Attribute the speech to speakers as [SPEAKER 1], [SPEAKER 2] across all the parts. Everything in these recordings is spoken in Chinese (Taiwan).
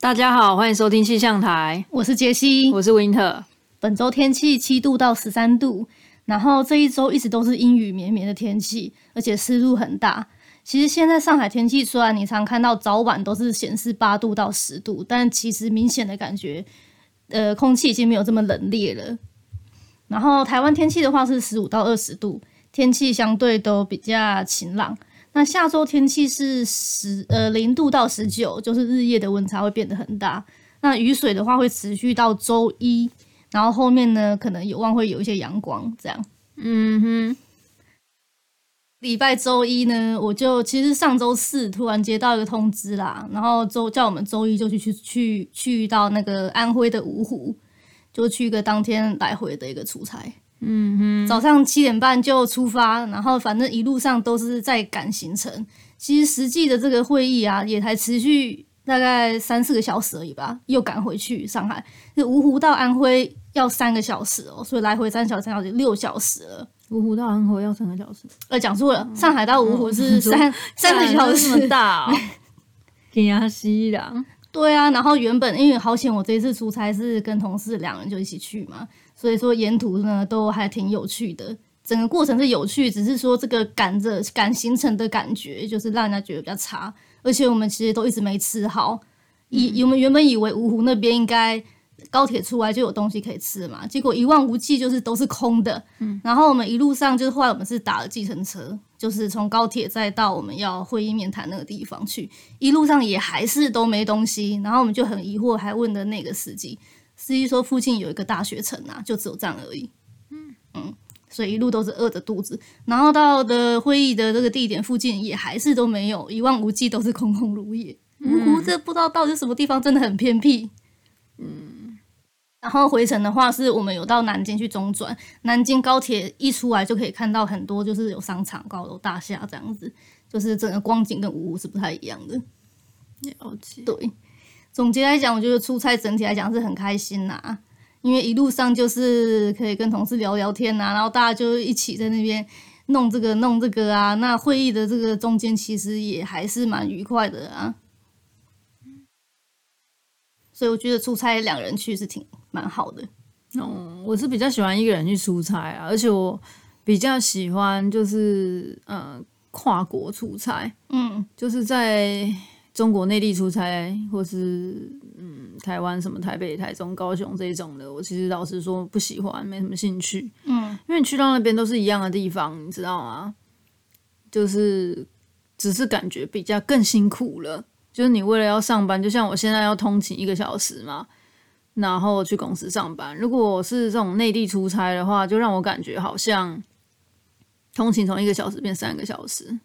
[SPEAKER 1] 大家好，歡迎收聽氣象台。我是傑西，我是溫特。本周天氣七度到十三度，然後這一周一直都是陰雨綿綿的天氣，而且濕度很大。其實現在上海天氣，雖然你常看到早晚都是顯示八度到十度，但其實明顯的感覺，呃，空氣已經沒有這麼冷冽了。然後台灣天氣的話是十五到二十度，天氣相對都比較晴朗。那下週天氣是十呃零度到十九，就是日夜的溫差會變得很大。那雨水的話會持續到週一，然後後面呢可能有望會有一些陽光這樣。嗯哼，禮拜週一呢，我就其實上週四突然接到一個通知啦，然後週叫我們週一就去去去去到那個安徽的蕪湖，就去一個當天來回的一個出差。嗯哼，早上七點半就出發，然後反正一路上都是在趕行程。其實實際的這個會議啊，也才持續大概三四個小時而已吧。又趕回去上海，就蕪湖到安徽要三個小時哦、喔，所以來回三小三小時六小時了。蕪湖到安徽要三個小時？呃，講錯了，
[SPEAKER 2] 上海到蕪湖是三三個小時這麼大，挺壓西的。
[SPEAKER 1] 對啊，然後原本因為好險，我這一次出差是跟同事兩人就一起去嘛，所以說沿途呢都還挺有趣的，整個過程是有趣，只是說這個趕着趕行程的感覺就是讓人家覺得比較差，而且我們其實都一直沒吃好，嗯，以，以我們原本以為蕪湖那邊應該高鐵出來就有東西可以吃嘛，結果一望無際就是都是空的，嗯，然後我們一路上就是後來我們是打了計程車。就是從高鐵再到我們要會議面談那個地方去，一路上也還是都沒東西，然後我們就很疑惑，還問了那個司機，司機說附近有一個大學城啊，就只有這樣而已。嗯，嗯，所以一路都是餓着肚子，然後到的會議的這個地點附近也還是都沒有，一望無際都是空空如也。蕪湖、嗯嗯、這不知道到底是什麼地方，真的很偏僻。嗯。然後回程的話，是我們有到南京去中轉，南京高鐵一出來就可以看到很多就是有商場高樓大廈這樣子，就是整個光景跟蕪湖是不太一樣的。了解。對，總結來講，我覺得出差整體來講是很開心吶、啊，因為一路上就是可以跟同事聊聊天吶、啊，然後大家就一起在那邊弄這個弄這個啊，那會議的這個中間其實也還是蠻愉快的啊。所以我覺得出差兩人去是挺蠻好的。嗯，
[SPEAKER 2] 我是比較喜歡一個人去出差啊，而且我比較喜歡就是嗯、呃、跨國出差，嗯，就是在中國內地出差，或是嗯台灣什麼台北、台中、高雄這一種的，我其實老實說不喜歡，沒什麼興趣。嗯，因為你去到那邊都是一樣的地方，你知道嗎？就是只是感覺比較更辛苦了。就是你為了要上班，就像我現在要通勤一個小時嘛，然後去公司上班。如果是這種內地出差的話，就讓我感覺好像通勤從一個小時變三個小時，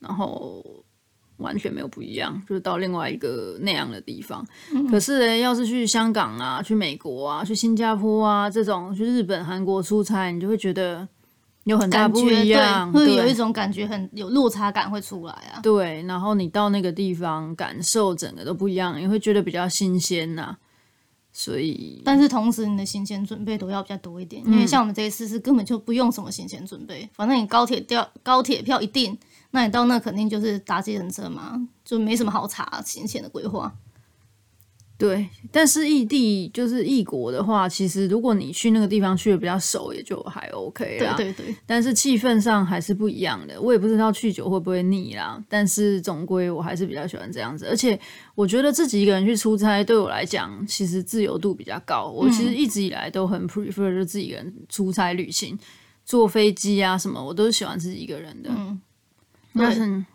[SPEAKER 2] 然後完全沒有不一樣，就是到另外一個那樣的地方。嗯嗯。可是呢，要是去香港啊、去美國啊、去新加坡啊這種，去日本、韓國出差，你就會覺得。有很大不一樣，對，會，會有一種感覺，很有落差感會出來啊。對，然後你到那個地方，感受整個都不一樣，你會覺得比較新鮮吶、啊。所以，
[SPEAKER 1] 但是同時你的行前準備都要比較多一點，嗯、因為像我們這一次是根本就不用什麼行前準備，
[SPEAKER 2] 反正你高鐵
[SPEAKER 1] 票高鐵票一訂，那你到那肯定就是搭計程車嘛，就沒什麼好查行前
[SPEAKER 2] 的規劃。對，但是異地就是異國的話，其實如果你去那個地方去的比較熟，也就還 OK 啦。對對對。但是氣氛上還是不一樣的，我也不知道去久會不會膩啦。但是總歸我還是比較喜歡這樣子，而且我覺得自己一個人去出差，對我來講其實自由度比較高。嗯，我其實一直以來都很 prefer 就自己一個人出差旅行，坐飛機啊什麼，我都是喜歡自己一個人的。嗯，是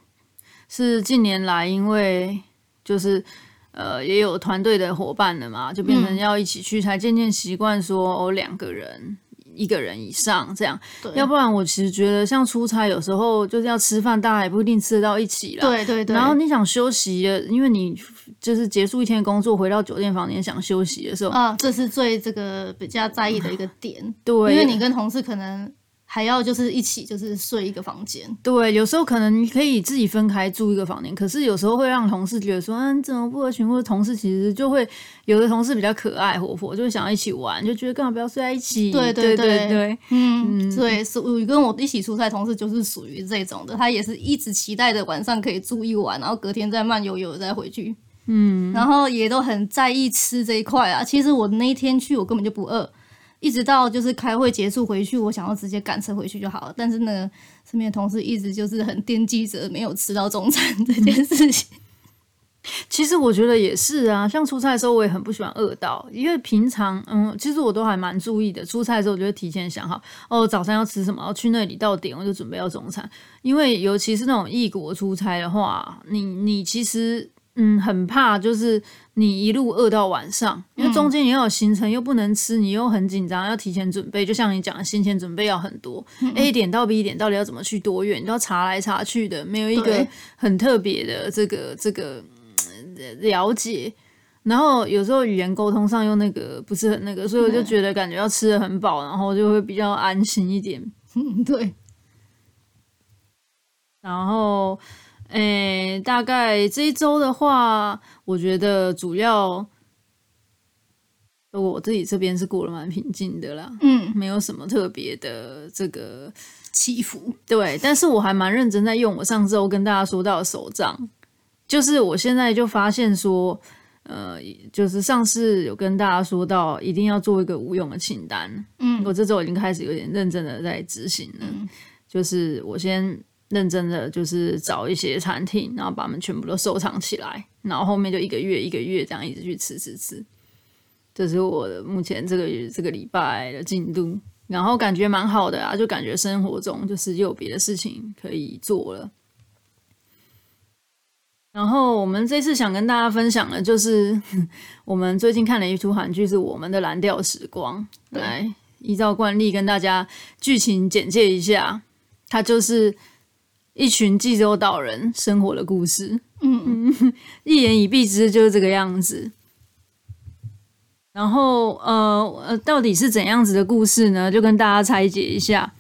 [SPEAKER 2] 是近年來因為就是。呃，也有團隊的夥伴了嘛，就變成要一起去才漸漸，才漸漸習慣說哦，兩個人、一個人以上這樣。對，要不然我其實覺得像出差，有時候就是要吃飯，大家也不一定吃得到一起啦。對對對。然後你想休息，因為你就是結束一天工作，回到酒店房間想休息的時候啊，
[SPEAKER 1] 這是最這個比較在意的一個點。對、嗯，因為你跟同事可能。還要就是一起就是睡一個房
[SPEAKER 2] 間，對，有時候可能你可以自己分開住一個房間，可是有時候會讓同事覺得說，嗯，怎麼不合群？或者同事其實就會有的同事比較可愛活潑，就會想要一起玩，就覺得幹嘛不要睡在一起，對對對對，
[SPEAKER 1] 嗯嗯，嗯對，
[SPEAKER 2] 屬於跟我一起出差同事就是屬
[SPEAKER 1] 於這種的，他也是一直期待着晚上可以住一晚，然後隔天再慢悠悠的再回去，嗯，然後也都很在意吃這一塊啊，其實我那一天去我根本就不餓。一直到就是開會結束回去，我想要直接趕車回去就好了。但是呢，身邊同事一直就是很惦記着沒有吃到中餐這件事情。
[SPEAKER 2] 嗯。其實我覺得也是啊，像出差的時候我也很不喜歡餓到，因為平常嗯，其實我都還蠻注意的。出差的時候，我就會提前想好哦，早餐要吃什麼，然後去那裡到點我就準備要中餐，因為尤其是那種異國出差的話，你你其實。嗯，很怕就是你一路餓到晚上，因為中間也有行程，嗯、又不能吃，你又很緊張，要提前準備。就像你講的，先前準備要很多、嗯、，A 點到 B 點到底要怎麼去，多遠，你要查來查去的，沒有一個很特別的這個這個、嗯、了解。然後有時候語言溝通上又那個不是很那個，所以我就覺得感覺要吃的很飽，然後就會比較安心一點。對，然後。誒、欸，大概這一周的話，我覺得主要，我自己這邊是過得蠻平靜的啦，嗯，沒有什麼特別的這個起伏。祈福對，但是我還蠻認真在用我上周跟大家說到的手賬，就是我現在就發現說，呃，就是上次有跟大家說到一定要做一個無用的清單，嗯，我這周已經開始有點認真的在執行了，嗯、就是我先。認真的就是找一些餐廳，然後把它們全部都收藏起來，然後後面就一個月一個月這樣一直去吃吃吃。這、就是我的目前這個這個禮拜的進度，然後感覺蠻好的啊，就感覺生活中就是有別的事情可以做了。然後我們這次想跟大家分享的，就是我們最近看了一出韓劇，是《我們的藍調時光》。對來，依照慣例跟大家劇情簡介一下，它就是。一群濟州島人生活的故事，嗯，嗯， 一言以蔽之就是這個樣子。然後，呃呃，到底是怎樣子的故事呢？就跟大家拆解一下。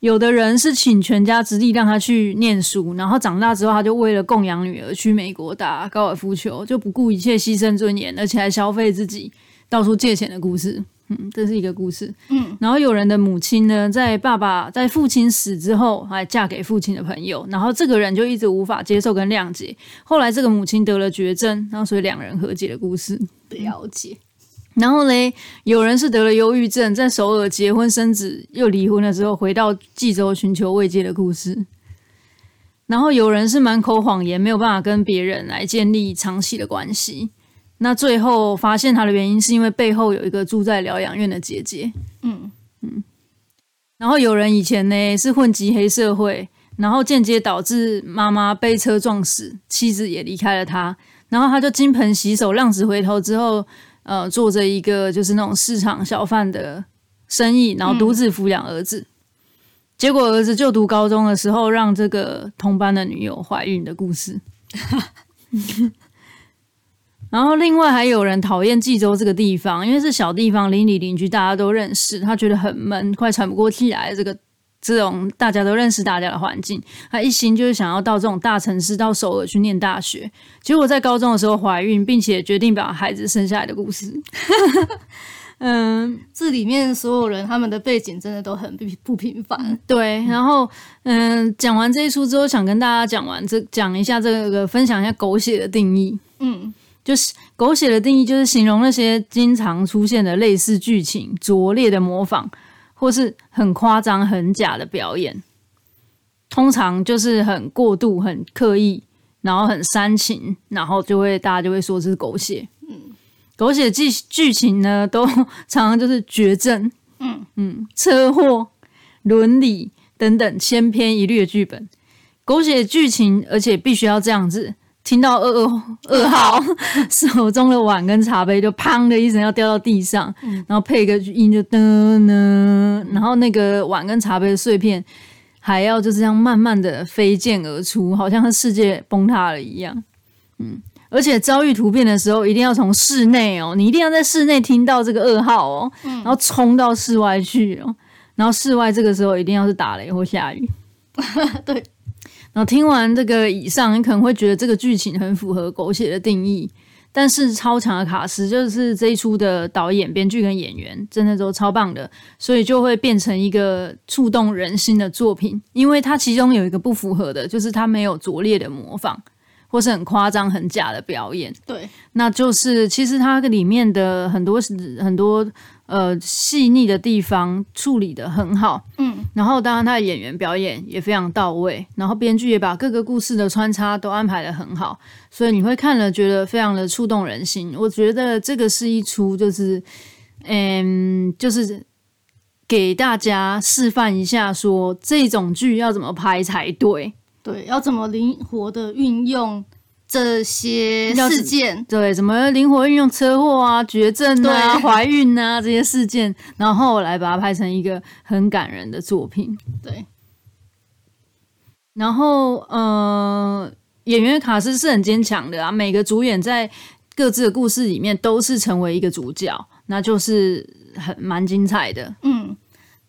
[SPEAKER 2] 有的人是傾全家之力讓他去念書，然後長大之後他就為了供養女兒去美國打高爾夫球，就不顧一切犧牲尊嚴，而且還消費自己，到處借錢的故事。嗯，這是一個故事。嗯，然後有人的母親呢，在爸爸在父親死之後，還嫁給父親的朋友，然後這個人就一直無法接受跟諒解。後來這個母親得了絕症，然後所以兩人和解的故事了解。嗯、然後嘞，有人是得了憂鬱症，在首爾結婚生子，又離婚了之後，回到濟州尋求慰藉的故事。然後有人是滿口謊言，沒有辦法跟別人來建立長期的關係。那最後發現他的原因，是因為背後有一個住在療養院的姐姐。嗯嗯。然後有人以前呢是混跡黑社會，然後間接導致媽媽被車撞死，妻子也離開了他。然後他就金盆洗手、浪子回頭之後，呃，做着一個就是那種市場小販的生意，然後獨自撫養兒子。嗯、結果兒子就讀高中的時候，讓這個同班的女友懷孕的故事。 然後另外還有人討厭濟州這個地方，因為是小地方，鄰里鄰居大家都認識，他覺得很悶，快喘不過氣來。這個這種大家都認識大家的環境，他一心就是想要到這種大城市，到首爾去念大學。結果在高中的時候懷孕，並且決定把孩子生下來的故事。 嗯，這裡面所有人他們的背景真的都很不平不平凡。對，然後嗯，嗯，嗯，講完這一出之後，想跟大家講完這講一下這個分享一下狗血的定義。嗯。就是狗血的定義，就是形容那些經常出現的類似劇情、拙劣的模仿，或是很誇張、很假的表演。通常就是很過度、很刻意，然後很煽情，然後就會大家就會說這是狗血。嗯，狗血劇劇情呢，都常常就是絕症、嗯嗯、車禍、倫理等等千篇一律的劇本。狗血劇情，而且必須要這樣子。聽到噩,噩,噩耗，手中的碗跟茶杯就砰的一聲要掉到地上，嗯、然後配個音就噔噔，然後那個碗跟茶杯的碎片還要就是這樣慢慢的飛濺而出，好像世界崩塌了一樣。嗯，而且遭遇突變的時候，一定要從室內哦，你一定要在室內聽到這個噩耗哦，嗯、然後衝到室外去哦，然後室外這個時候一定要是打雷或下雨。 對。然後聽完這個以上，你可能會覺得這個劇情很符合狗血的定義，但是超強的卡司就是這一出的導演、編劇跟演員真的都超棒的，所以就會變成一個觸動人心的作品。因為它其中有一個不符合的，就是它沒有拙劣的模仿，或是很誇張、很假的表演。對，那就是其實它裡面的很多很多。呃，細膩的地方處理得很好，嗯，然後當然他的演員表演也非常到位，然後編劇也把各個故事的穿插都安排得很好，所以你會看了覺得非常的觸動人心。我覺得這個是一出就是，嗯，就是給大家示範一下說，說這種劇要怎麼拍才對，
[SPEAKER 1] 對，要怎麼靈活的運用。
[SPEAKER 2] 這些事件，對，什麼靈活運用車禍啊、絕症啊、對懷孕啊這些事件，然後來把它拍成一個很感人的作品，對。然後，呃，演員卡司是很堅強的啊，每個主演在各自的故事裡面都是成為一個主角，那就是很蠻精彩的，嗯。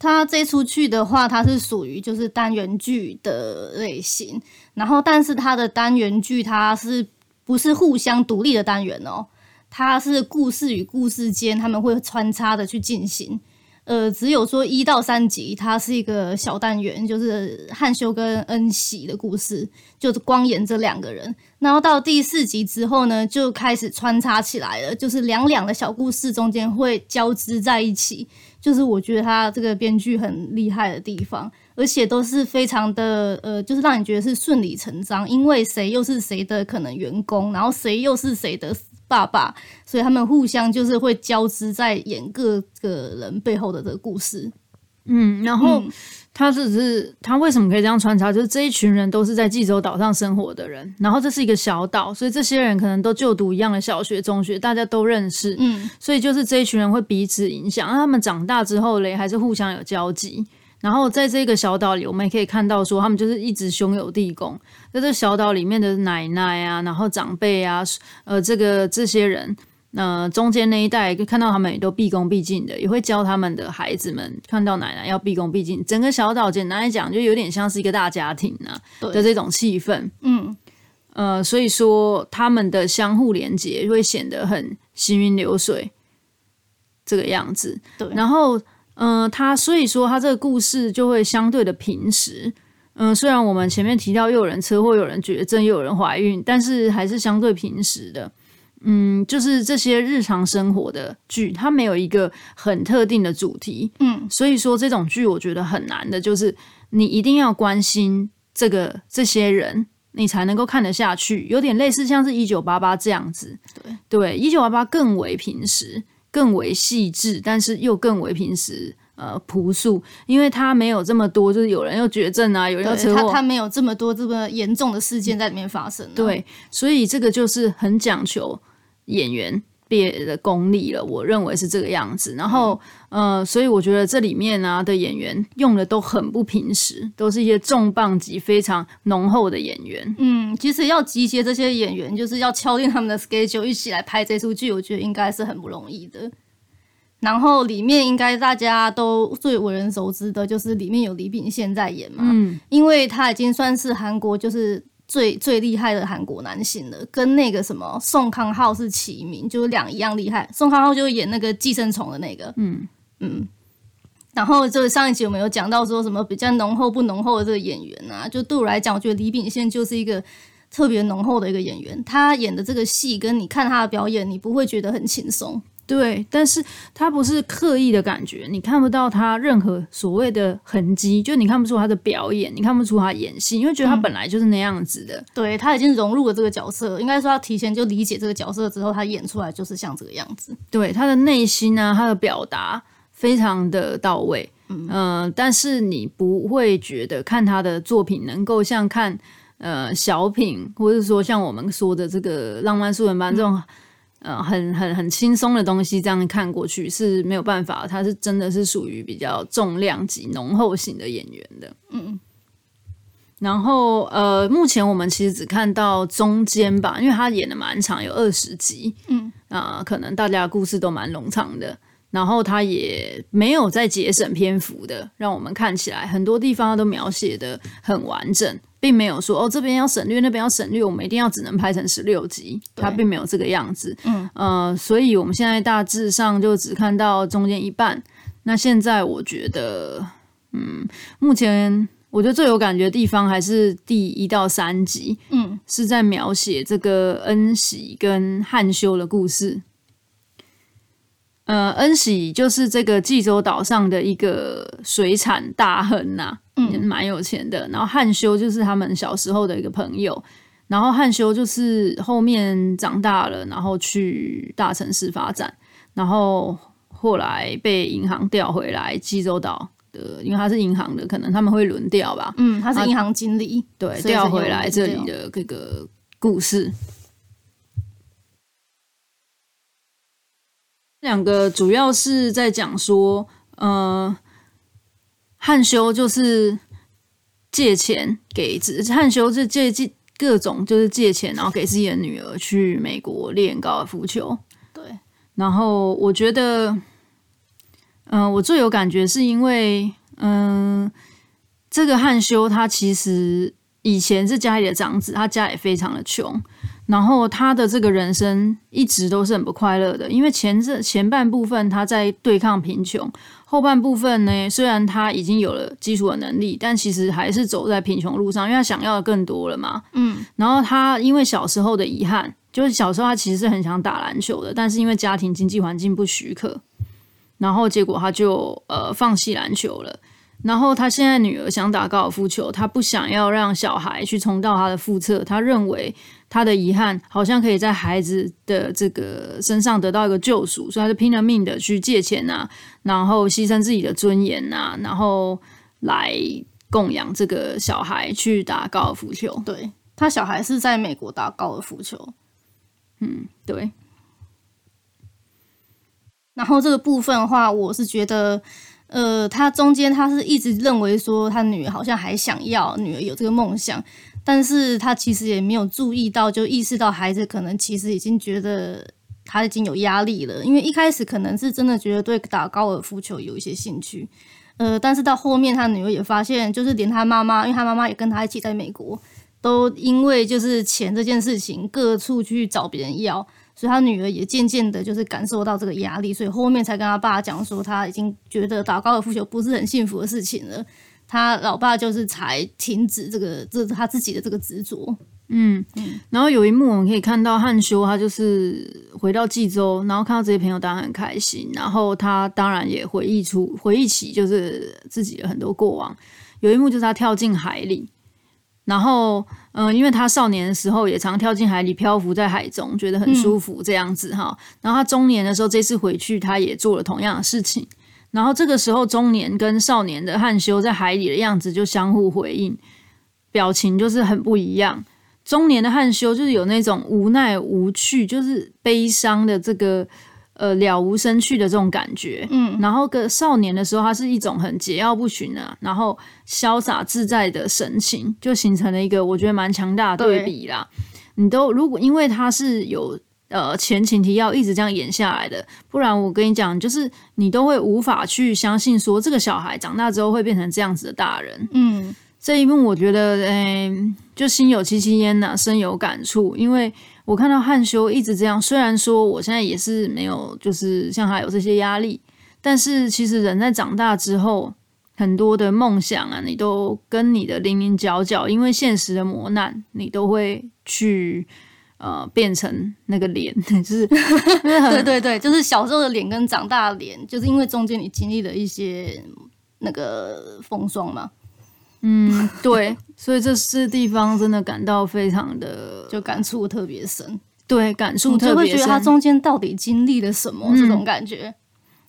[SPEAKER 2] 它這出去的話，它是屬於就是單元劇
[SPEAKER 1] 的類型，然後但是它的單元劇它是不是互相獨立的單元哦？它是故事與故事間他們會穿插的去進行，呃，只有說一到三集它是一個小單元，就是漢修跟恩熙的故事，就是光演這兩個人，然後到第四集之後呢，就開始穿插起來了，就是兩兩的小故事中間會交織在一起。就是我覺得他這個編劇很厲害的地方，而且都是非常的呃，就是讓你覺得是順理成章，因為誰又是誰的可能員工，然後誰又是誰的爸爸，所以他們互相就是會交織在演各個
[SPEAKER 2] 人背後的這個故事，嗯，然後，嗯。他只是，他為什麼可以這樣穿插？就是這一群人都是在濟州島上生活的人，然後這是一個小島，所以這些人可能都就讀一樣的小學、中學，大家都認識，嗯，所以就是這一群人會彼此影響。讓他們長大之後嘞，還是互相有交集。然後在這一個小島裡，我們也可以看到說，他們就是一直兄友弟恭。在這小島裡面的奶奶啊，然後長輩啊，呃，這個這些人。那、呃、中間那一代就看到他們也都畢恭畢敬的，也會教他們的孩子們看到奶奶要畢恭畢敬。整個小島簡單來講就有點像是一個大家庭吶、啊、對的這種氣氛。嗯，呃，所以說他們的相互連接會顯得很行雲流水這個樣子。對，然後，嗯、呃，他所以說他這個故事就會相對的平實。嗯、呃，雖然我們前面提到又有人車禍，又有人絕症，又有人懷孕，但是還是相對平實的。嗯，就是這些日常生活的劇，它沒有一個很特定的主題，嗯，所以說這種劇我覺得很難的，就是你一定要關心這個這些人，你才能夠看得下去。有點類似像是一九八八這樣子，對對，一九八八更為平時，更為細緻，但是又更為平時呃樸素，因為它沒有這麼多，就是有人有絕症啊，有人有車禍，對他他
[SPEAKER 1] 沒有這麼多這麼嚴重的事件在裡面發生啊，對，
[SPEAKER 2] 所以這個就是很講求。演員別的功力了，我認為是這個樣子。然後，嗯、呃，所以我覺得這裡面啊的演員用的都很不平時，都是一些重磅級非常濃厚的演員。嗯，
[SPEAKER 1] 其實要集結這些演員，就是要敲定他們的 schedule 一起來拍這出劇，我覺得應該是很不容易的。然後裡面應該大家都最為人熟知的就是裡面有李秉憲在演嘛，嗯，因為他已經算是韓國就是。最最厲害的韓國男星的，跟那個什麼宋康昊是齊名，就是兩一樣厲害。宋康昊就是演那個《寄生蟲》的那個，嗯嗯。然後就上一集我們有講到說什麼比較濃厚不濃厚的這個演員啊，就對我來講，我覺得李秉憲就是一個特別濃厚的一個演員。他演的這個戲，
[SPEAKER 2] 跟你看他的表演，你不會覺得很輕鬆。對，但是他不是刻意的感覺，你看不到他任何所謂的痕跡，就你看不出他的表演，你看不出他演戲，因為覺得他本來就是那樣子的。嗯、對他已經融入了這個角色，應該說他提前就理解
[SPEAKER 1] 這個角色之後，他演出來就是像這個樣子。
[SPEAKER 2] 對他的內心啊，他的表達非常的到位，嗯、呃，但是你不會覺得看他的作品能夠像看呃小品，或是說像我們說的這個《浪漫素人般這種。嗯呃，很很很輕鬆的東西，這樣看過去是沒有辦法，他是真的是屬於比較重量級、濃厚型的演員的。嗯，然後呃，目前我們其實只看到中間吧，因為他演的蠻長，有二十集。嗯，啊、呃，可能大家的故事都蠻冗長的。然後他也沒有再節省篇幅的，讓我們看起來很多地方都描寫得很完整，並沒有說哦，這邊要省略，那邊要省略，我們一定要只能拍成十六集，對他並沒有這個樣子。嗯，呃，所以我們現在大致上就只看到中間一半。那現在我覺得，嗯，目前我覺得最有感覺的地方還是第一到三集，嗯，是在描寫這個恩喜跟漢修的故事。呃，恩喜就是這個濟州島上的一個水產大亨吶、啊，也是、嗯、蠻有錢的。然後漢修就是他們小時候的一個朋友，然後漢修就是後面長大了，然後去大城市發展，然後後來被銀行調回來濟州島的，因為他是銀行的，可能他們會輪調吧。嗯，他是銀行經理，對，調回來這裡的這個故事。兩個主要是在講說，嗯、呃，漢修就是借錢給自漢修是借借各種就是借錢，然後給自己的女兒去美國練高爾夫球。對，然後我覺得，嗯、呃，我最有感覺是因為，嗯、呃，這個漢修他其實以前是家裡的長子，他家也非常的窮。然後他的這個人生一直都是很不快樂的，因為前這前半部分他在對抗貧窮，後半部分呢，雖然他已經有了基礎的能力，但其實還是走在貧窮路上，因為他想要的更多了嘛。嗯，然後他因為小時候的遺憾，就是小時候他其實是很想打籃球的，但是因為家庭經濟環境不許可，然後結果他就呃放棄籃球了。然後他現在女兒想打高爾夫球，他不想要讓小孩去重蹈他的覆轍，他認為他的遺憾好像可以在孩子的這個身上得到一個救贖，所以他是拼了命的去借錢啊，然後犧牲自己的尊嚴啊，然後來供養這個小孩去打高爾夫球。對，他小孩是在美國打高爾夫球，嗯，
[SPEAKER 1] 對。然後這個部分的話，我是覺得。呃，他中間他是一直認為說他女兒好像還想要女兒有這個夢想，但是他其實也沒有注意到，就意識到孩子可能其實已經覺得他已經有壓力了，因為一開始可能是真的覺得對打高爾夫球有一些興趣，呃，但是到後面他女兒也發現，就是連他媽媽，因為他媽媽也跟他一起在美國，都因為就是錢這件事情，各處去找別人要。所以他女兒也漸漸的，就是感受到這個壓力，所以後面才跟他爸講說，他已經覺得打高爾夫球不是很幸福的事情了。他老爸就是才停止這個，
[SPEAKER 2] 這、就是、他自己的這個執着。嗯，然後有一幕我們可以看到漢修，他就是回到濟州，然後看到這些朋友，當然很開心。然後他當然也回憶出回憶起，就是自己的很多過往。有一幕就是他跳進海裡，然後。嗯，因為他少年的時候也常跳進海裡漂浮在海中，覺得很舒服這樣子哈。嗯、然後他中年的時候這次回去，他也做了同樣的事情。然後這個時候中年跟少年的漢修在海裡的樣子就相互回應，表情就是很不一樣。中年的漢修就是有那種無奈、無趣，就是悲傷的這個。呃，了無生趣的這種感覺，嗯，然後個少年的時候，他是一種很桀驁不馴啊，然後瀟灑自在的神情，就形成了一個我覺得蠻強大的對比啦。對你都如果因為他是有呃前情提要一直這樣演下來的，不然我跟你講，就是你都會無法去相信說這個小孩長大之後會變成這樣子的大人。嗯，這一幕我覺得，哎，就心有戚戚焉吶，深有感觸，因為。我看到漢修一直這樣，雖然說我現在也是沒有，就是像他有這些壓力，但是其實人在長大之後，很多的夢想啊，你都跟你的稜稜角角，因為現實的磨難，你都會去呃變成那個臉，就是
[SPEAKER 1] 對對對，就是小時候的臉跟長大的臉，就是因為中間你經歷了一些那個風霜嘛。
[SPEAKER 2] 嗯，對，所以這是地方真的感到非常的， 就感觸特別深。對，感觸特別深。你就會覺得他中間到底經歷了什麼、嗯、這種感覺。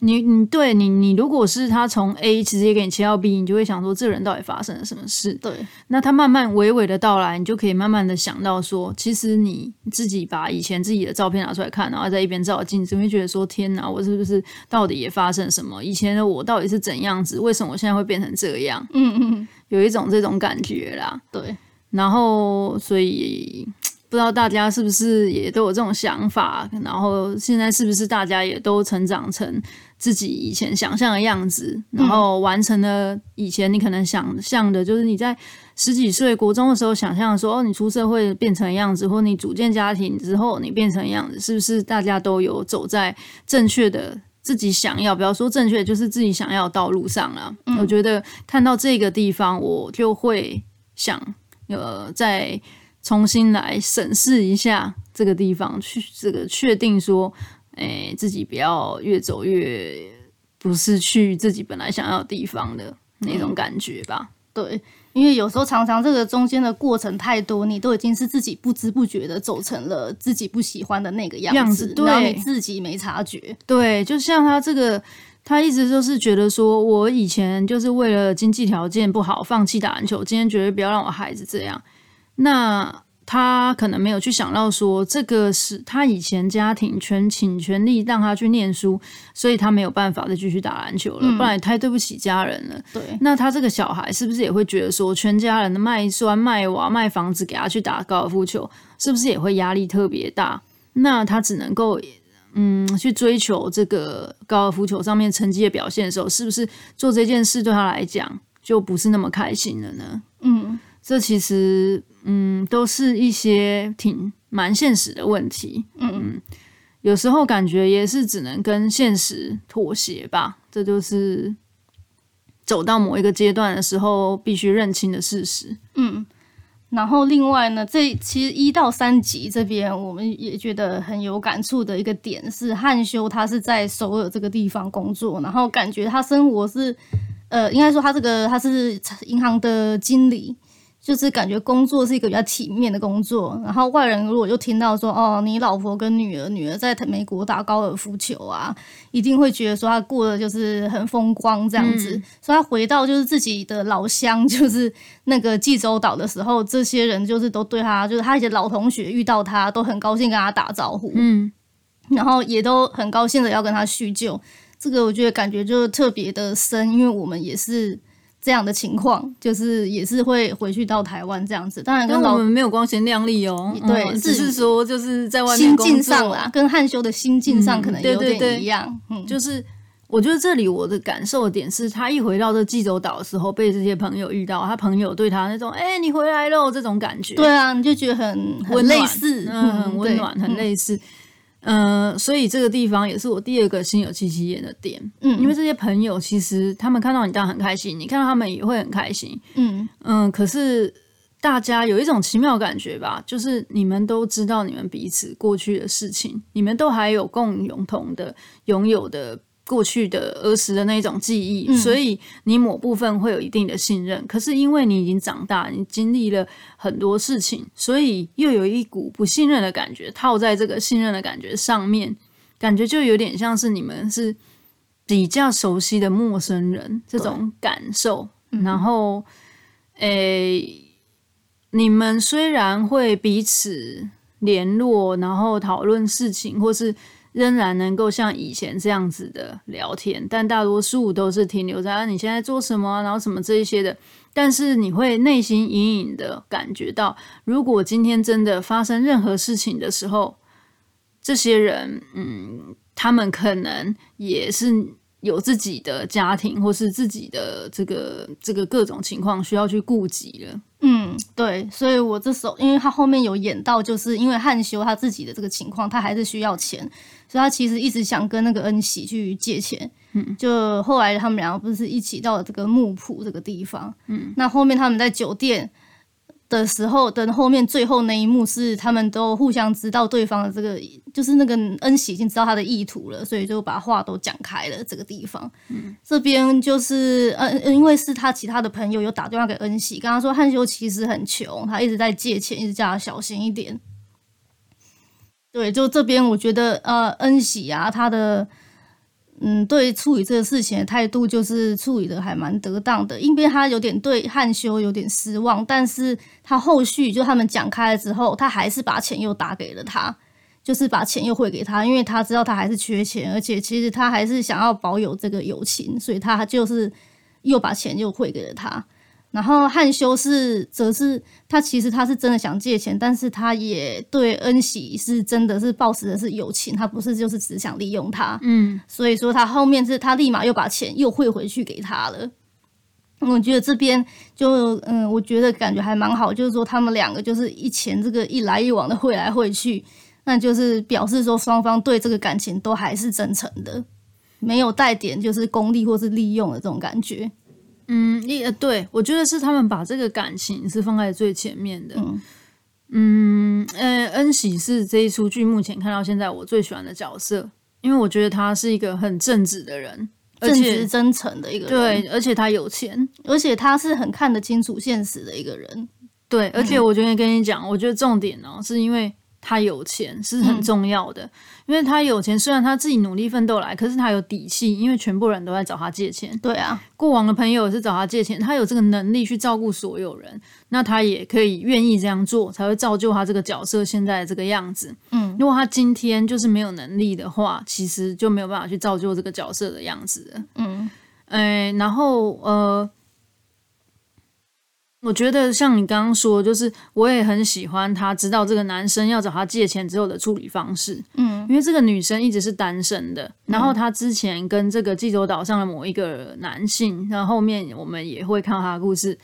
[SPEAKER 2] 你你對你你如果是他從 A 直接給你切到 B，你就會想說，這人到底發生了什麼事？對，那他慢慢娓娓的到來，你就可以慢慢的想到說，其實你自己把以前自己的照片拿出來看，然後在一邊照鏡子，你會覺得說天哪，我是不是到底也發生什麼？以前的我到底是怎樣子？為什麼我現在會變成這樣？嗯嗯。有一種這種感覺啦，對。然後，所以不知道大家是不是也都有這種想法。然後，現在是不是大家也都成長成自己以前想象的樣子？然後完成了以前你可能想象的，嗯、就是你在十幾歲國中的時候想象說，哦，你出社會變成樣子，或你組建家庭之後你變成樣子，是不是大家都有走在正確的？自己想要，不要說正確，就是自己想要的道路上啊、嗯、我覺得看到這個地方，我就會想，呃，再重新來審視一下這個地方，去這個確定說，哎、欸，自己不要越走越不是去自己本來想要的地方的那種感覺吧？嗯、
[SPEAKER 1] 對。因為有時候常常這個中間的過程太多，你都已經是自己不知不覺的走成了自己不喜歡的那個樣子，樣子，對，然後你自己沒察覺。
[SPEAKER 2] 對，就像他這個，他一直就是覺得說，我以前就是為了經濟條件不好放棄打籃球，今天絕對不要讓我孩子這樣。那。他可能沒有去想到說，這個是他以前家庭全傾全力讓他去念書，所以他沒有辦法再繼續打籃球了，不然也太對不起家人了。嗯、對，那他這個小孩是不是也會覺得說，全家人的賣磚、賣瓦、賣房子給他去打高爾夫球，是不是也會壓力特別大？那他只能夠嗯去追求這個高爾夫球上面成績的表現的時候，是不是做這件事對他來講就不是那麼開心了呢？嗯。這其實，嗯，都是一些挺蠻現實的問題，嗯，嗯有時候感覺也是只能跟現實妥協吧。這就是走到某一個階段的時候，必須認清的事實。
[SPEAKER 1] 嗯，然後另外呢，這其實一到三集這邊，我們也覺得很有感觸的一個點是，漢修他是在首爾這個地方工作，然後感覺他生活是，呃，應該說他這個他是銀行的經理。就是感覺工作是一個比較體面的工作，然後外人如果就聽到說哦，你老婆跟女兒，女兒在美國打高爾夫球啊，一定會覺得說他過得就是很風光這樣子。嗯，所以他回到就是自己的老鄉，就是那個濟州島的時候，這些人就是都對他，就是他一些老同學遇到他都很高興跟他打招呼，嗯，然後也都很高興的要跟他敘舊。這個我覺得感覺就是特別的深，因為我們也是。這樣的情況，就是也是會回去到台灣
[SPEAKER 2] 這樣子。當然跟我們沒有光鮮亮麗哦，對，只、嗯、是，是說就是在外面心境上啊，跟漢修的心境上可能有點不一樣。嗯，對對對，嗯，就是我覺得這裡我的感受點是他一回到這濟州島的時候，被這些朋友遇到，他朋友對他那種哎、欸，你回來嘍這種感覺。對啊，你就覺得很很類似，嗯，很溫暖，很類似。嗯、呃，所以這個地方也是我第二個心有戚戚焉的點。嗯，因為這些朋友其實他們看到你，當然很開心；你看到他們也會很開心。嗯嗯、呃，可是大家有一種奇妙感覺吧，就是你們都知道你們彼此過去的事情，你們都還有共融同的擁有的。過去的兒時的那種記憶，嗯、所以你某部分會有一定的信任，可是因為你已經長大，你經歷了很多事情，所以又有一股不信任的感覺套在這個信任的感覺上面，感覺就有點像是你們是比較熟悉的陌生人對這種感受。然後，誒、嗯哼欸，你們雖然會彼此聯絡，然後討論事情，或是。仍然能夠像以前這樣子的聊天，但大多數都是停留在，啊，你現在做什麼啊，然後什麼這一些的。但是你會內心隱隱的感覺到，如果今天真的發生任何事情的時候，這些人，嗯，他們可能也是有自己的家庭，或是自己的這個這個各種情況需要去顧及了。嗯，
[SPEAKER 1] 對。所以我這時候，因為他後面有演到，就是因為漢修他自己的這個情況，他還是需要錢。所以，他其實一直想跟那個恩喜去借錢。嗯，就後來他們兩個不是一起到了這個木浦這個地方。嗯，那後面他們在酒店的時候，等後面最後那一幕是他們都互相知道對方的這個，就是那個恩喜已經知道他的意圖了，所以就把話都講開了。這個地方，嗯、這邊就是，嗯、呃，因為是他其他的朋友又打電話給恩喜，跟他說漢修其實很窮，他一直在借錢，一直叫他小心一點。對，就這邊我覺得，呃，恩熙啊，他的，嗯，對處理這個事情的態度，就是處理的還蠻得當的。因為他有點對漢修有點失望，但是他後續就他們講開了之後，他還是把錢又打給了他，就是把錢又匯給他，因為他知道他還是缺錢，而且其實他還是想要保有這個友情，所以他就是又把錢又匯給了他。然後漢修是，則是他其實他是真的想借錢，但是他也對恩喜是真的是抱持的是友情，他不是就是只想利用他。嗯，所以說他後面是他立馬又把錢又匯回去給他了。我覺得這邊就嗯，我覺得感覺還蠻好，就是說他們兩個就是以前這個一來一往的匯來匯去，那就是表示說雙方對這個感情都還是真誠的，沒有帶點就是功利或是利
[SPEAKER 2] 用的這種感覺。嗯，也對我覺得是他們把這個感情是放在最前面的。嗯，呃、嗯欸，恩喜是這一出劇目前看到現在我最喜歡的角色，因為我覺得他是一個很正直的人，而且正直真
[SPEAKER 1] 誠的一個人，人。對，
[SPEAKER 2] 而且他有錢，而且他是很看得清楚現實的一個人，對，而且我昨天跟你講，我覺得重點呢、哦、是因為。他有錢是很重要的，嗯、因為他有錢，雖然他自己努力奮鬥來，可是他有底氣，因為全部人都在找他借錢。對啊，過往的朋友也是找他借錢，他有這個能力去照顧所有人，那他也可以願意這樣做，才會造就他這個角色現在這個樣子。嗯，如果他今天就是沒有能力的話，其實就沒有辦法去造就這個角色的樣子。嗯，誒、欸，然後呃。我覺得像你剛剛說，就是我也很喜歡她知道這個男生要找他借錢之後的處理方式。嗯，因為這個女生一直是單身的，然後她之前跟這個濟州島上的某一個男性，嗯，然後後面我們也會看他的故事。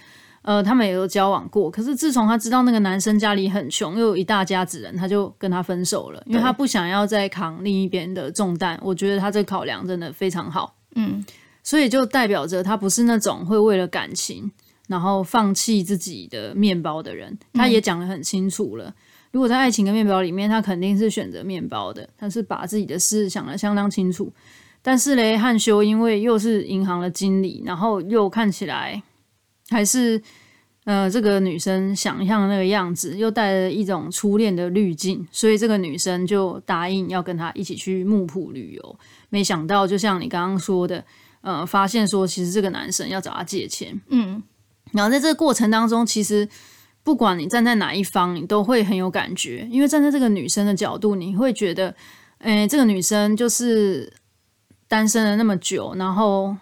[SPEAKER 2] 呃，他們也有交往過，可是自從她知道那個男生家裡很窮，又有一大家子人，他就跟他分手了，因為他不想要再扛另一邊的重擔。我覺得他這個考量真的非常好。嗯，所以就代表着他不是那種會為了感情。然後放棄自己的麵包的人，他也講得很清楚了。嗯、如果在愛情跟麵包裡面，他肯定是選擇麵包的。他是把自己的事想得相當清楚。但是嘞，漢修因為又是銀行的經理，然後又看起來還是呃這個女生想象的那個樣子，又帶着一種初戀的濾鏡，所以這個女生就答應要跟他一起去木浦旅遊。沒想到，就像你剛剛說的，呃，發現說其實這個男生要找她借錢，嗯。然後在這個過程當中，其實不管你站在哪一方，你都會很有感覺。因為站在這個女生的角度，你會覺得，哎，這個女生就是單身了那麼久，然後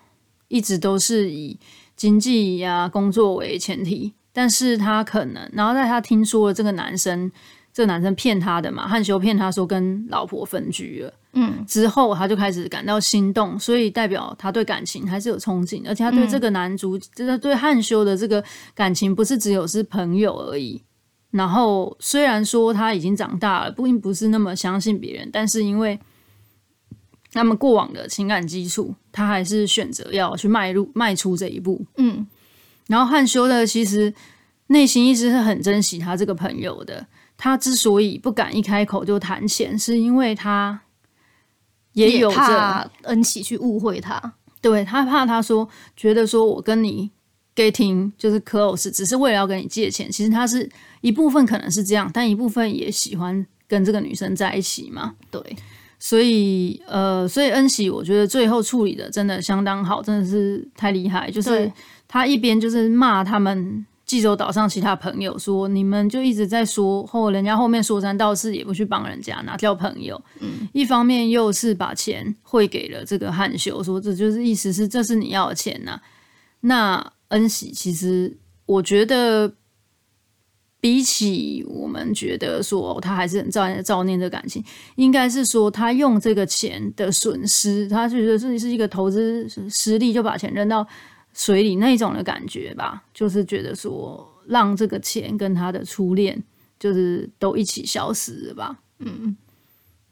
[SPEAKER 2] 一直都是以經濟呀、工作為前提，但是她可能，然後在她聽說了這個男生。這男生騙他的嘛，漢修騙他說跟老婆分居了。嗯，之後他就開始感到心動，所以代表他對感情還是有憧憬，而且他對這個男主，真的、嗯、對漢修的這個感情，不是只有是朋友而已。然後雖然說他已經長大了，不並不是那麼相信別人，但是因為他們過往的情感基礎，他還是選擇要去邁入邁出這一步。嗯，然後漢修的其實內心一直是很珍惜他這個朋友的。他之所以不敢一開口就談錢，是因為他也有也怕恩喜去誤會他，對，他怕他說覺得說我跟你 getting 就是 close，只是為了要跟你借錢。其實他是一部分可能是這樣，但一部分也喜歡跟這個女生在一起嘛。嗯、對，所以呃，所以恩喜我覺得最後處理的真的相當好，真的是太厲害。就是他一邊就是罵他們。濟州島上其他朋友說：“你們就一直在說後，人家後面說三道四，也不去幫人家拿，哪叫朋友？嗯、一方面又是把錢匯給了這個漢秀，說這就是意思是這是你要的錢吶、啊。那恩喜其實，我覺得比起我們覺得說他還是很照念照念這感情，應該是說他用這個錢的損失，他是覺得是是一個投資失利，就把錢扔到。”水裡那種的感覺吧，就是覺得說讓這個錢跟他的初戀就是都一起消失了吧，
[SPEAKER 1] 嗯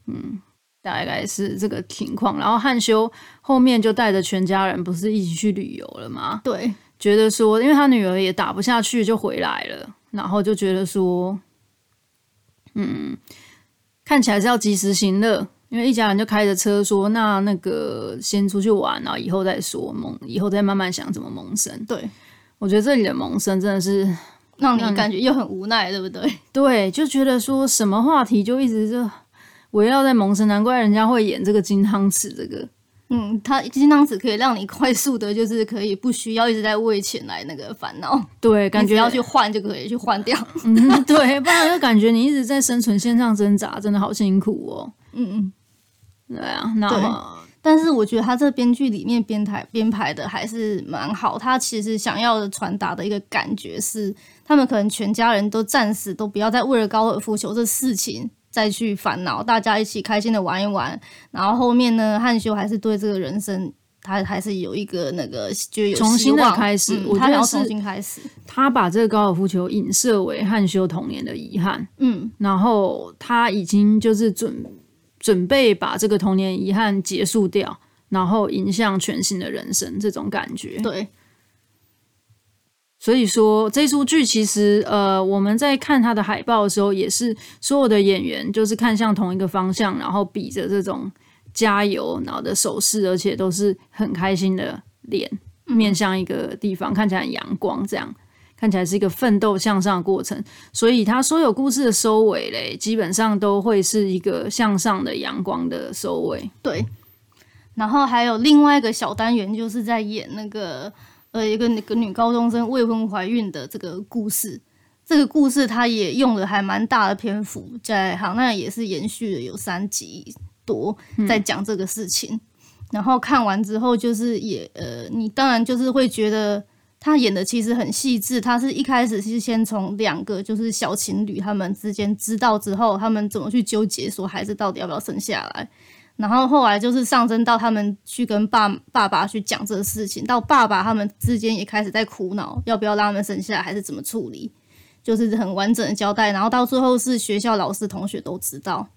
[SPEAKER 2] 嗯，大概是這個情況。然後漢修後面就帶着全家人不是一起去旅遊了嗎？對，覺得說因為他女兒也打不下去就回來了，然後就覺得說，嗯，看起來是要及時行樂。因為一家人就開着車說：“那那個先出去玩，然後以後再說，嘛以後再慢慢想怎麼萌生。”對，我覺得這裡的“萌生”真的是讓你，讓你感覺又很
[SPEAKER 1] 無奈，對不對？
[SPEAKER 2] 對，就覺得說什麼話題就一直就圍繞在“萌生”，難怪人家會演這個金湯匙。這個，
[SPEAKER 1] 嗯，它
[SPEAKER 2] 金湯匙可以讓你快速的，
[SPEAKER 1] 就是可以不需要一直在為錢來那個煩惱。
[SPEAKER 2] 對，感覺要去
[SPEAKER 1] 換就可以去換掉、 嗯。
[SPEAKER 2] 對，不然就感覺你一直在生存線上掙扎，真的好辛苦哦。嗯嗯。對啊，那麼但是我覺得他這編劇裡面編排編排的
[SPEAKER 1] 還是蠻好。他其實想要傳達的一個感覺是，他們可能全家人都暫時都不要再為了高爾夫球這事情再去煩惱，大家一起開心的玩一玩。然後後面呢，漢修還是對這個人生，他還是有一個那個，
[SPEAKER 2] 就有，重新的開始，他要重新開始。他把這個高爾夫球影射為漢修童年的遺憾，嗯，然後他已經就是準。準備把這個童年遺憾結束掉，然後迎向全新的人生，這種感覺。對，所以說這出劇其實，呃，我們在看它的海報的時候，也是所有的演員就是看向同一個方向，然後比着這種加油，然後的手勢，而且都是很開心的臉，嗯、面向一個地方，看起來很陽光，這樣。看起來是一個奮鬥向上的過程，所以他所有故事的收尾嘞，基本上都會是一個向上的陽光的收尾。對，然後還有另外一個小單元，就是在演
[SPEAKER 1] 那個呃一個那個女高中生未婚懷孕的這個故事。這個故事他也用了還蠻大的篇幅，在好那也是延續了有三集多在講這個事情。嗯。然後看完之後，就是也呃，你當然就是會覺得。他演的其實很細緻，他是一開始是先從兩個就是小情侶他們之間知道之後，他們怎麼去糾結說孩子到底要不要生下來，然後後來就是上升到他們去跟爸爸爸去講這個事情，到爸爸他們之間也開始在苦惱要不要讓他們生下來還是怎麼處理，就是很完整的交代。然後到最後是學校老師同學都知道，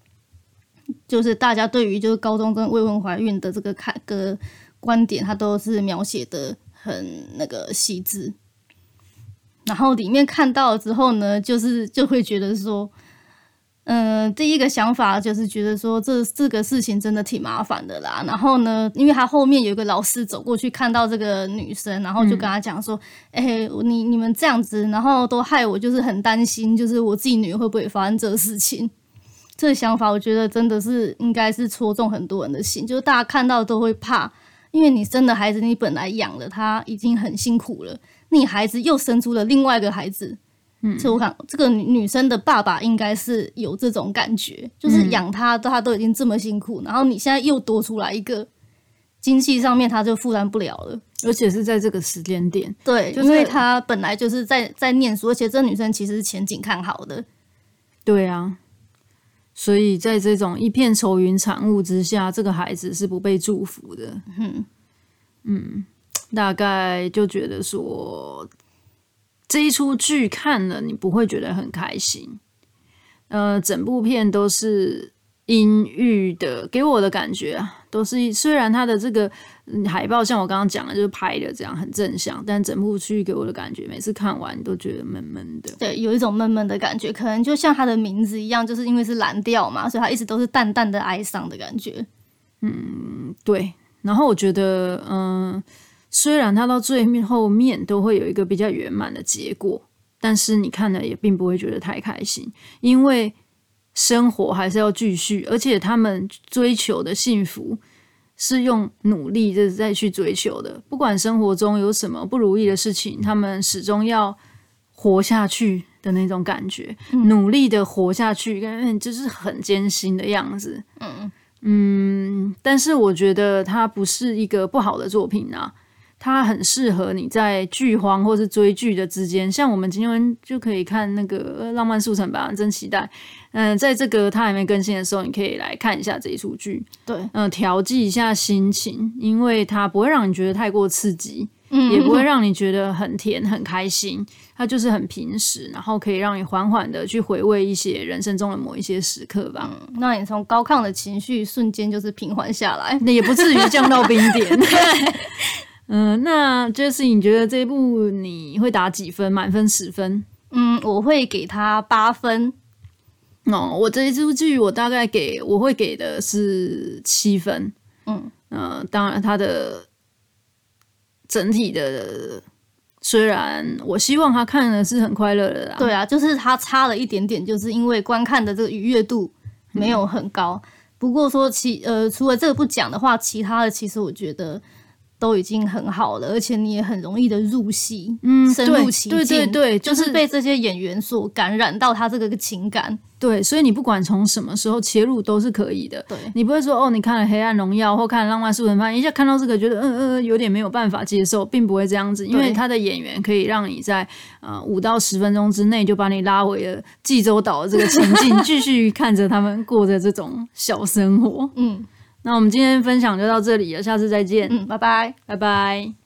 [SPEAKER 1] 就是大家對於就是高中跟未婚懷孕的這個看個觀點，他都是描寫的。很那個細緻，然後裡面看到之後呢，就是就會覺得說，嗯、呃，第一個想法就是覺得說，這這個事情真的挺麻煩的啦。然後呢，因為他後面有一個老師走過去，看到這個女生，然後就跟他講說：“哎、嗯欸，你你們這樣子，然後都害我，就是很擔心，就是我自己女兒會不會發生這個事情。”這個想法，我覺得真的是應該是戳中很多人的心，就是大家看到都會怕。因為你生的孩子，你本來養了他已經很辛苦了，你孩子又生出了另外一個孩子，嗯，所以我想這個女，女生的爸爸應該是有這種感覺，就是養他，他都已經這麼辛苦，嗯，然後你現在又多出來一個，經濟上面他就負擔不了了，而且
[SPEAKER 2] 是在這個時間點，
[SPEAKER 1] 對，就因為他本來就是在在念書，而且這女生其實前
[SPEAKER 2] 景看好的，對啊。所以在這種一片愁雲慘霧之下，這個孩子是不被祝福的。嗯，嗯，大概就覺得說，這一出劇看了，你不會覺得很開心。呃，整部片都是陰鬱的，給我的感覺啊。都是，雖然他的這個海報像我剛剛講的就是拍的這樣很正向，但整部劇給我的感覺，每次看完都覺得悶悶的。對，有一種
[SPEAKER 1] 悶悶的感覺，可能就像他的名字一樣，就是因為是藍調嘛，所以他一直都是淡淡的哀傷
[SPEAKER 2] 的感覺。嗯，對。然後我覺得，嗯，雖然他到最後面都會有一個比較圓滿的結果，但是你看了也並不會覺得太開心，因為。生活還是要繼續，而且他們追求的幸福是用努力的再在去追求的。不管生活中有什麼不如意的事情，他們始終要活下去的那種感覺，嗯、努力的活下去，感、嗯、覺就是很艱辛的樣子。嗯嗯，但是我覺得它不是一個不好的作品啊。它很適合你在劇荒或是追劇的之間，像我們今天就可以看那個《浪漫速成班》，真期待。嗯、呃，在這個它還沒更新的時候，你可以來看一下這一出劇，對，嗯、呃，調劑一下心情，因為它不會讓你覺得太過刺激，嗯，
[SPEAKER 1] 也不會讓
[SPEAKER 2] 你覺得很甜很開心，它就是很平實，然後可以讓你緩緩的去回味一些人生中的某一些時刻吧。嗯、那你從高亢的情緒瞬間就是平緩下來，那也不至於降到冰點。 對嗯、呃，那 Jesse 你覺得這一部你會打幾分？滿分十分，10分，嗯，我會給他八分。哦，我這一部劇我大概給，我會給的是七分。嗯，呃，當然他的整體的，雖然我希望他看的是很快樂的啦，對啊，就是
[SPEAKER 1] 他差了一點點，就是因為觀看的這個愉悅度沒有很高。嗯、不過說其呃，除了這個不講的話，其他的其實我覺得。都已經很好了，而且你也很容易的入戲，嗯，深入其境，對對對，對就是、就是被
[SPEAKER 2] 這些演員所感染到他這個情感。對，所以你不管從什麼時候切入都是可以的。對，你不會說哦，你看了《黑暗榮耀》或看了《浪漫速成班》，突然發現一下看到這個覺得嗯嗯、呃呃、有點沒有辦法接受，並不會這樣子，對因為他的演員可以讓你在呃五到十分鐘之內就把你拉回了濟州島的這個情境， 繼續看着他們過着這種小生活。嗯。那我們今天分享就到這裡了，下次再見，拜拜，嗯，拜拜。拜拜。